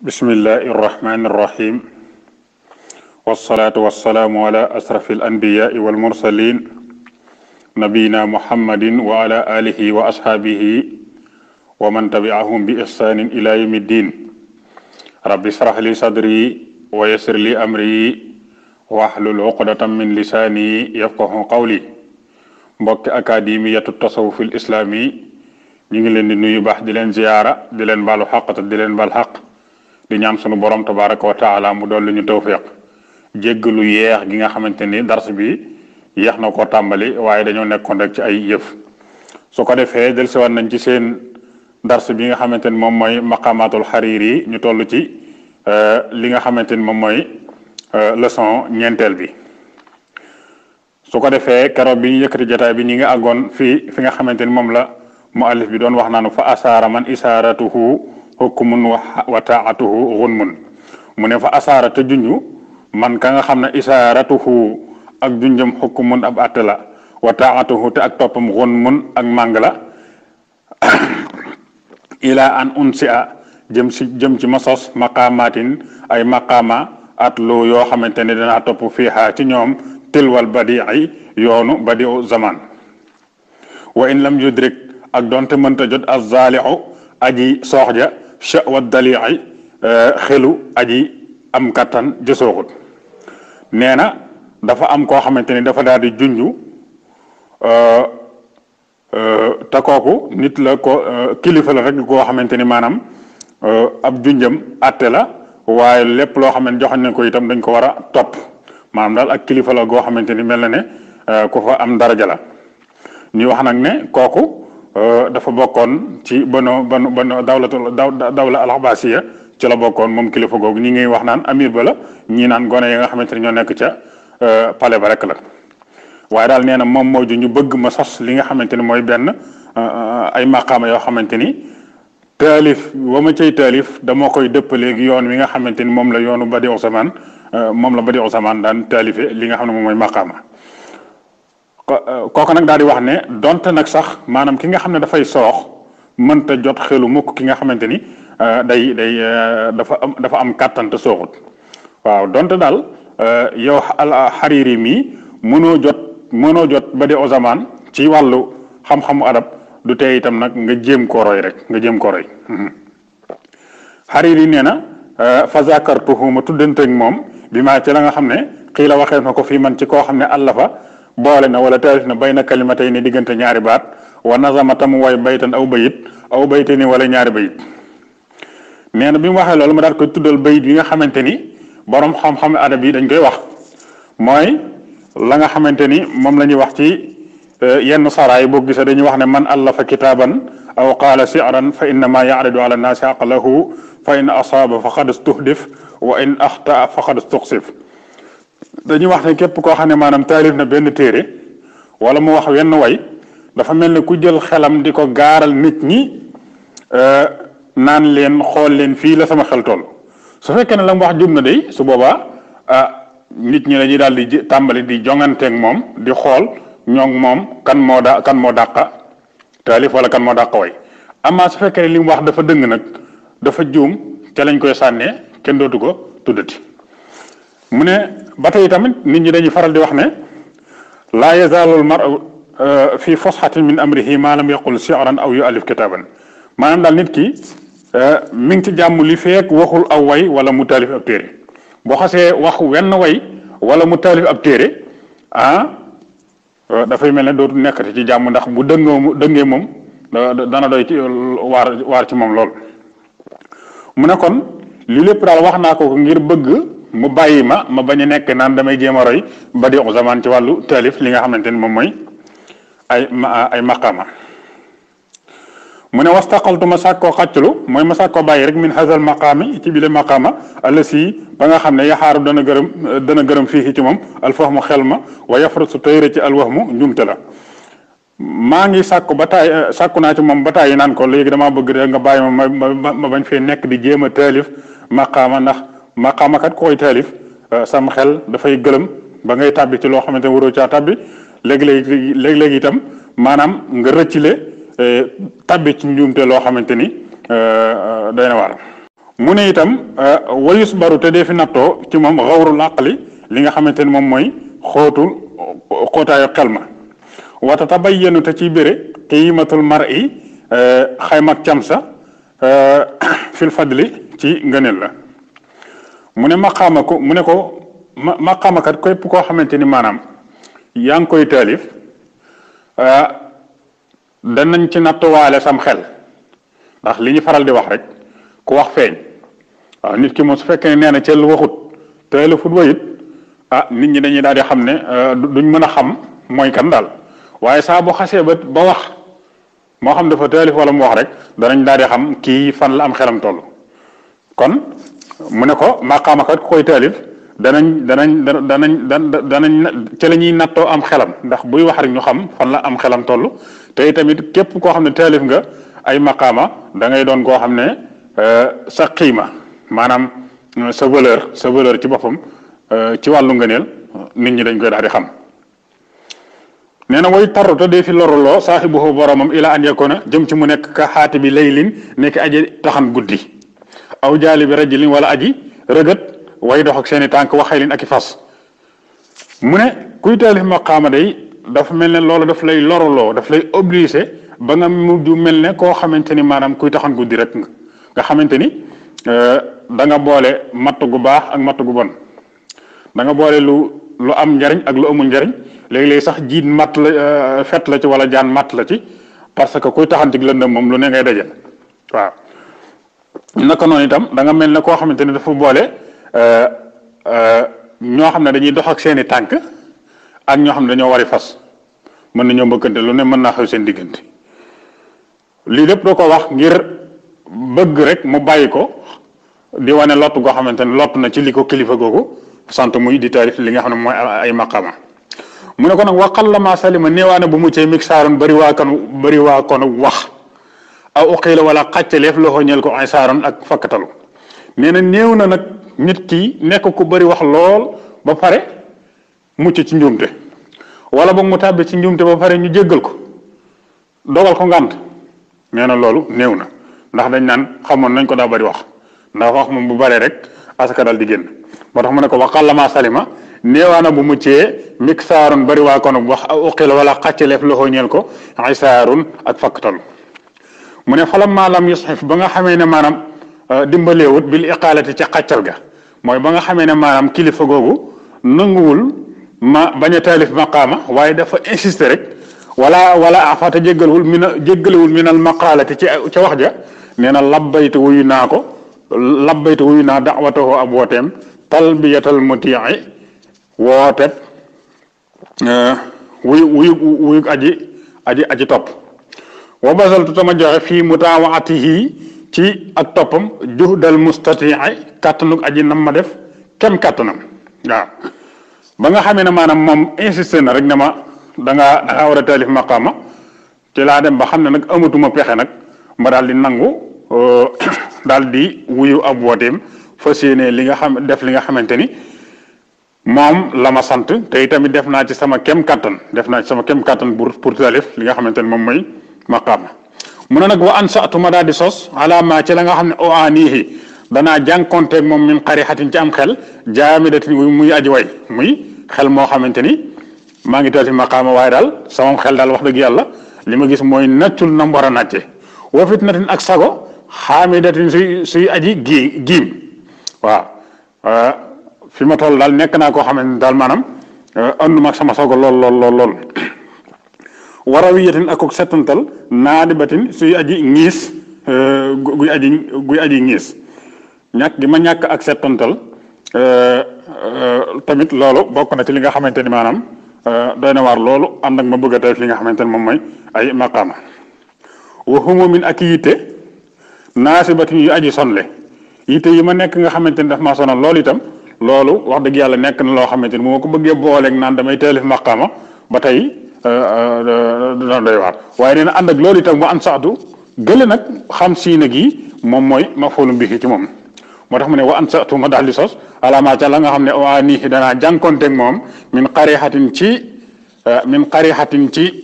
بسم الله الرحمن الرحيم والصلاة والسلام على أشرف الأنبياء والمرسلين نبينا محمد وعلى آله وأصحابه ومن تبعهم بإحسان إلى يوم الدين رب اشرح لي صدري ويسر لي أمري واحلل عقدة من لساني يفقه قولي بك أكاديمية التصوف الإسلامي نيغي ñu ngi باخ دي nuyu زياره دي leen بالو حق دي baalu بالحق, di ñaan sunu borom tabaaraku taala mu dolli ñu tawfiq jéggalu yeex gi nga xamanteni dars bi yeex na ko tambali waaye dañoo nekkoon rek ci ay yëf su ko defee del siwaat nañ ci seen dars bi nga xamanteni ni moom mooy maqamatul xariiri ñu toll ci euh, li nga xamanteni moom mooy euh, leçon ñeenteel bi su ko defee keroog bi ñu jotaay bi ñi nga àggoon fii fi nga xamanteni ni moom la mu alif bi doon wax naanu fa asaara man isaaratuhu hukmun wa taatuhu gunmun mu ne fa asaara te junju man ka nga xam ne isaaratuhu ak junjam hukmun ab àtte la wa taatuhu te ak toppam gunmun ak màng la ilaa an unsi a jëm si jëm ci masos maqaamaatin ay maqaama atlu yoo xamante ne danaa topp fiiha ci ñoom tilwal badii yoonu badiu zaman wa in lam yudrik ak doonte mënta jot azzaalixu aji soox ja shahwa daliixi eh, xelu aji am kattan jësooxut nee na dafa am koo xamante ni dafa daal di junju eh, eh, te kooku nit la ko kilifa la rek koo xamante ni maanaam ab junjam àtte la waaye lépp loo xam ne joxoñ nañ ko itam dañ ko war a topp maanaam daal ak kilifa la goo xamante ni mel na ne ku fa am daraja la ñuy ne kooku Eh, dafa bokkon ci bono bono bono dawlatul dawla al abbasiya ci la bokkon mom kilifa gog ni ngay wax nan amir ba la ñi nan gone yi nga xamanteni ne ñoo nekk ca eh, palais ba rek la way dal neena mom mo ju ñu bëgg ma sos li nga xamanteni moy ben eh, ay maqama yo xamanteni talif wama cey talif dama koy leg yoon wi nga xamanteni mom la yoonu badi usman mom la badi usman dan talife li nga Eh, kooku nag daal di wax ne donte nak sax manam ki nga da fay sox man ta jot xelu mukk ki nga xamanteni eh, day day eh, dafa am dafa am kàttan te sooxut waaw donte daal yow al hariri mi mënoo jot mënoo jot ba de osamaan ci walu xam-xamu adab du tey itam nak nga jëm ko roy rek nga jëm ko roy mhm. hariri neena fa zakartuhu ma ak mom bima ci la nga xamne xila waxe nako fi man ci ko xamne boole na wala taalif na bay na kalimatay ni diggante ñaari baat wa nazama tamu way baytan aw bayit aw bayte ni wala ñaari bayit nee na bi mu waxee loolu ma daal koy tuddal bayit yi nga xamante ni borom xam-xam adab yi dañ koy wax mooy la nga xamante ni moom la ñuy wax ci yenn saraay boo gisee dañuy wax ne man allafa kitaaban aw qaala siran fa innama yaaridu ala nnaasi aqlahu fa in asaaba faqad istuhdif wa in axtaa faqad istuqsif dañuy wax ne képp koo xam ne maanaam taalif na benn téere wala mu wax wenn way dafa mel ne ku jël xelam di ko gaaral nit ñi euh, naan leen xool leen fii la sama xel toll su fekkee ne la mu wax jub na day su boobaa ah nit ñi dañuy daal di tàmbali di jonganteeg moom di xool ñoog moom kan moo da kan moo dàqa taalif wala kan moo dàq way amaa su fekkee ne li mu wax dafa dëng nag dafa juum ca lañ koy sànnee kenn dootu ko tuddati mune batay tamit nit ñi dañuy faral di wax ne laa yazaalul maru fi fosxatin min amrihi ma lam yaqul shi'ran aw yu kitaban manam dal nit ki mi ngi ci jàmm li feek waxul aw way wala mutalif ab tere bo xasse wax wenn way wala mutalif ab tere ah da fay ne dootu nekkati ci jàmm ndax bu dëngoo dëngee moom dana doy ci war war ci mom lool mune kon li lépp dal wax naa ko ngir bëgg mu bàyyi ma ma bañ a nekk naan damay jéem a roy ba di zamaan ci wàllu taalif li nga xamante ni moom mooy ay ay maqaama mu ne wastaqaltu ma sàkkoo xàcculu mooy ma sàkkoo bàyyi rek min hasal maqaami ci bile maqaama alla si ba nga xam ne yaxaaru dana gërëm dana gërëm fii ci moom mu xel ma wa yafrusu tayra ci alwahmu njumte la maa ngi sàkkoo ba taay sàkku naa ci moom ba taay yi naan ko léegi damaa bëgg rek nga bàyyi ma ma ma bañ fee nekk di jéem a taalif maqaama ndax maqaamakat ku koy talif sam xel da fay gëlëm ba ngay tabbi ci lo xamanteni waro ci tabbi leg leg leg léeg itam manam nga reccile tabbi ci njumte lo xamanteni euh doyna war mune itam wayus baru te defi natto ci mom ghawru laqli li nga xamanteni mom moy khotul xóotu xóotaayu xel ma wata tabayyanu te ciy bére mar'i khaymak cam fil fadli ci ngëneel la mu ne maqaama ko mu ne ko ma maqaama kat képp koo xamante ni maanaam yaa ngi koy taalif ah, danañ ci nattuwaale sam xel ndax li ñu faral di wax rek ku wax feeñ waaw ah, nit ki moom su fekkee nee na ceel waxut taalifut wayit ah nit ñi dañuy daal di xam ne ah, duñ mën a xam mooy kan daal waaye saa boo xasee ba ba wax moo xam dafa taalif wala mu wax rek danañ daal di xam kii fan la am xelam toll kon mu ne ko maqaama kat ku koy taalif danañ danañ danañ danañ danañ ca la ñuy nattoo am xelam ndax buy wax rek ñu xam fan la am xelam toll te tamit képp koo xam ne taalif nga ay maqaama dangay doon koo xam ne euh, sa xiima maanaam euh, sa valeur sa valeur ci boppam euh, ci wàllu ngëneel nit ñi dañ koy daal di xam. nee na way taruta dee fi loruloo saaxibuhu boromam ila an yakuna jëm ci mu nekk ka xaati bi laylin nekk aje taxan guddi aw jaali bi rajulin wala aji rëgët way dox ak seen i tànk waxaylin ak i fas mu ne kuy taalif maqaama day dafa mel ne loolu daf lay loruloo daf lay obligé ba nga mujj mel ne koo xamante kuy taxan rek nga euh, da nga boole matt gu baax ak gu bon da nga boole lu lu am njariñ ak lu amul njariñ léeg-léeg sax jiit matt la euh, fet la ci wala jaan matt la ci parce que kuy lu ne ngay dajal waaw naka non itam da nga mel ko xamanteni xamante ne dafa boole euh, euh, ñoo xam ne dañuy dox ak seeni tank ak ño xamne dañu wari fas mën nañoo mbeukante lu ne man na xew seen digeenti li lepp do ko wax ngir bëgg rek mu bayiko di wane lot go xamanteni lot na ci liko kilifa gogo sante muy di tarif li nga xamne moy ay maqama mu ne ko nak salima newana bu ci bari wa kanu bari wa wax aw uqila wala xàccaleef loxo ñeel ko ansaaroon ak fakkatalu nee na néew na nag nit ki nekk ku bari wax lool ba pare mucc ci njuumte wala boog mu tàbbi ci ndax dañ naan xamoon nañ ko daa bari wax ndax wax moom bu baree rek asaka dal di génn moo mu ne ko waqal la salima néewaana bu muccee mik saarun bari waa kon bu wax aw uqila wala xàccaleef loxo ñeel ko ansaarun ak fakkatalu من فلما لم يصحف بغا خامينا مانام ديمبليوت بالاقاله تي خاتيالغا موي بغا خامينا مانام كليفا غوغو نانغول ما باني تالف مقامه واي دافا انسيست رك ولا ولا افات جيغلول من جيغلول من المقاله تي تي واخجا نينا لبيت ويناكو لبيت وينا دعوته ابوتم تلبيه المطيع ووتت وي وي وي اجي اجي اجي توب wa basaltu sama joxe fii mu mutaawaatihi ci ak toppam juhdal mustatii kàttanug aji nam ma def kem kattanam waaw ba nga xamee ne maanaam moom insisté na rek na ma da ngaa da ngaa war ci laa dem ba xam ne nag amatuma pexe nag ma daal di nangu euh, daal di wuyu ab wooteem fas yéene li nga xam def li nga xamante ni moom la ma sant te itamit def naa ci sama kem kàttan def naa ci sama kem kàttan pour pour taalif li nga xamante ni moom mooy. ma maqaama mu ne nag wa ansatu ma daal di sos ala ma ci la nga xam ne o aanihi danaa jànkonteeg moom min xarixatin ci am xel jaamidatin muy aji way muy xel moo xamante ni maa ngi toll ci maqaama waaye daal sama xel daal wax dëgg yàlla li ma gis mooy naccul na war a nàcce wa fitnatin ak sago xaamidatin suy suy aji gii giim waaw euh, fi ma toll daal nekk naa koo xamante ni daal maanaam ànduma euh, ak sama sago lool lool lool lool warawiyatin akuk setantal naadibatin suy aji ngiis eh, guy aji guy aji ngiis ñàkk gi ma ñàkk ak setantal eh, eh, tamit loolu bokk na ci li nga xamante ni maanaam doy na waar loolu ànd ak ma bëgg a tawif li nga xamante ni moom mooy ay maqaama wa humumin ak yitte naasibatin yu aji sonle yitte yi ma nekk nga xamante ni daf maa sonal loolu itam loolu wax dëgg yàlla nekk na loo xamante ni bu ma ko bëggee booleeg naan damay taalif maqaama ba tey dana euh, euh, euh, doy waar waaye nee na ànd ak loolu itam mu an saxdu gële nag xam siina gi moom mooy ma mbihi ci moom moo tax mu ne wa an saxtu ma daal di sos alaamaa ca la nga xam ne waa nii danaa jànkonteeg moom min xarixatin ci min xarixatin ci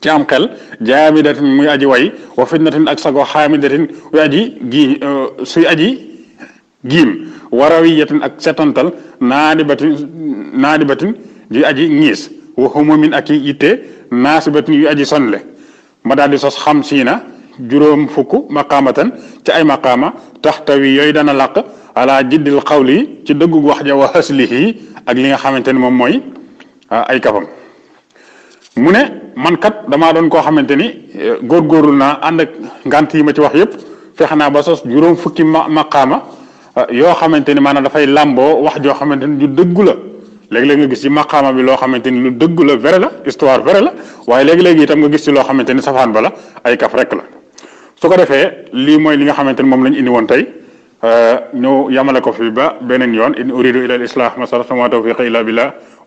ci am xel jaamidatin muy aji way wa fitnatin ak sago xaamidatin muy aji gii suy aji giim ak setantal naadibatin naadibatin di aji ñiis waxuma min ak i itte naasibat yu aji sonle ma daal di sos xam siina juróom fukk maqaamatan ci ay maqaama taxtawi yooyu dana làq ala jiddil xawli ci dëggu wax ja wa haslihi ak li nga xamante ne moom mooy ah, ay kafam mu ne man kat damaa doon koo xamante ni eh, góorgóorlu naa ànd ak ngant yi ma ci wax yëpp fex naa ba sos juróom fukki maqaama ah, yoo xamante ni maanaam dafay làmboo wax joo xamante ni ju dëggu la léegi léeg nga gis ci maqaama bi loo xamante ni lu dëgg la vrai la histoire vrai la waaye léegi-léegi tam nga gis ci loo xamante ni safaan ba la ay kaf rek la su ko defee lii mooy li nga xamante ni moom lañ indi woon tey euh, ñu yamale ko fi ba beneen yoon in uridu ila al islah ma sarata ma tawfiqi illa billah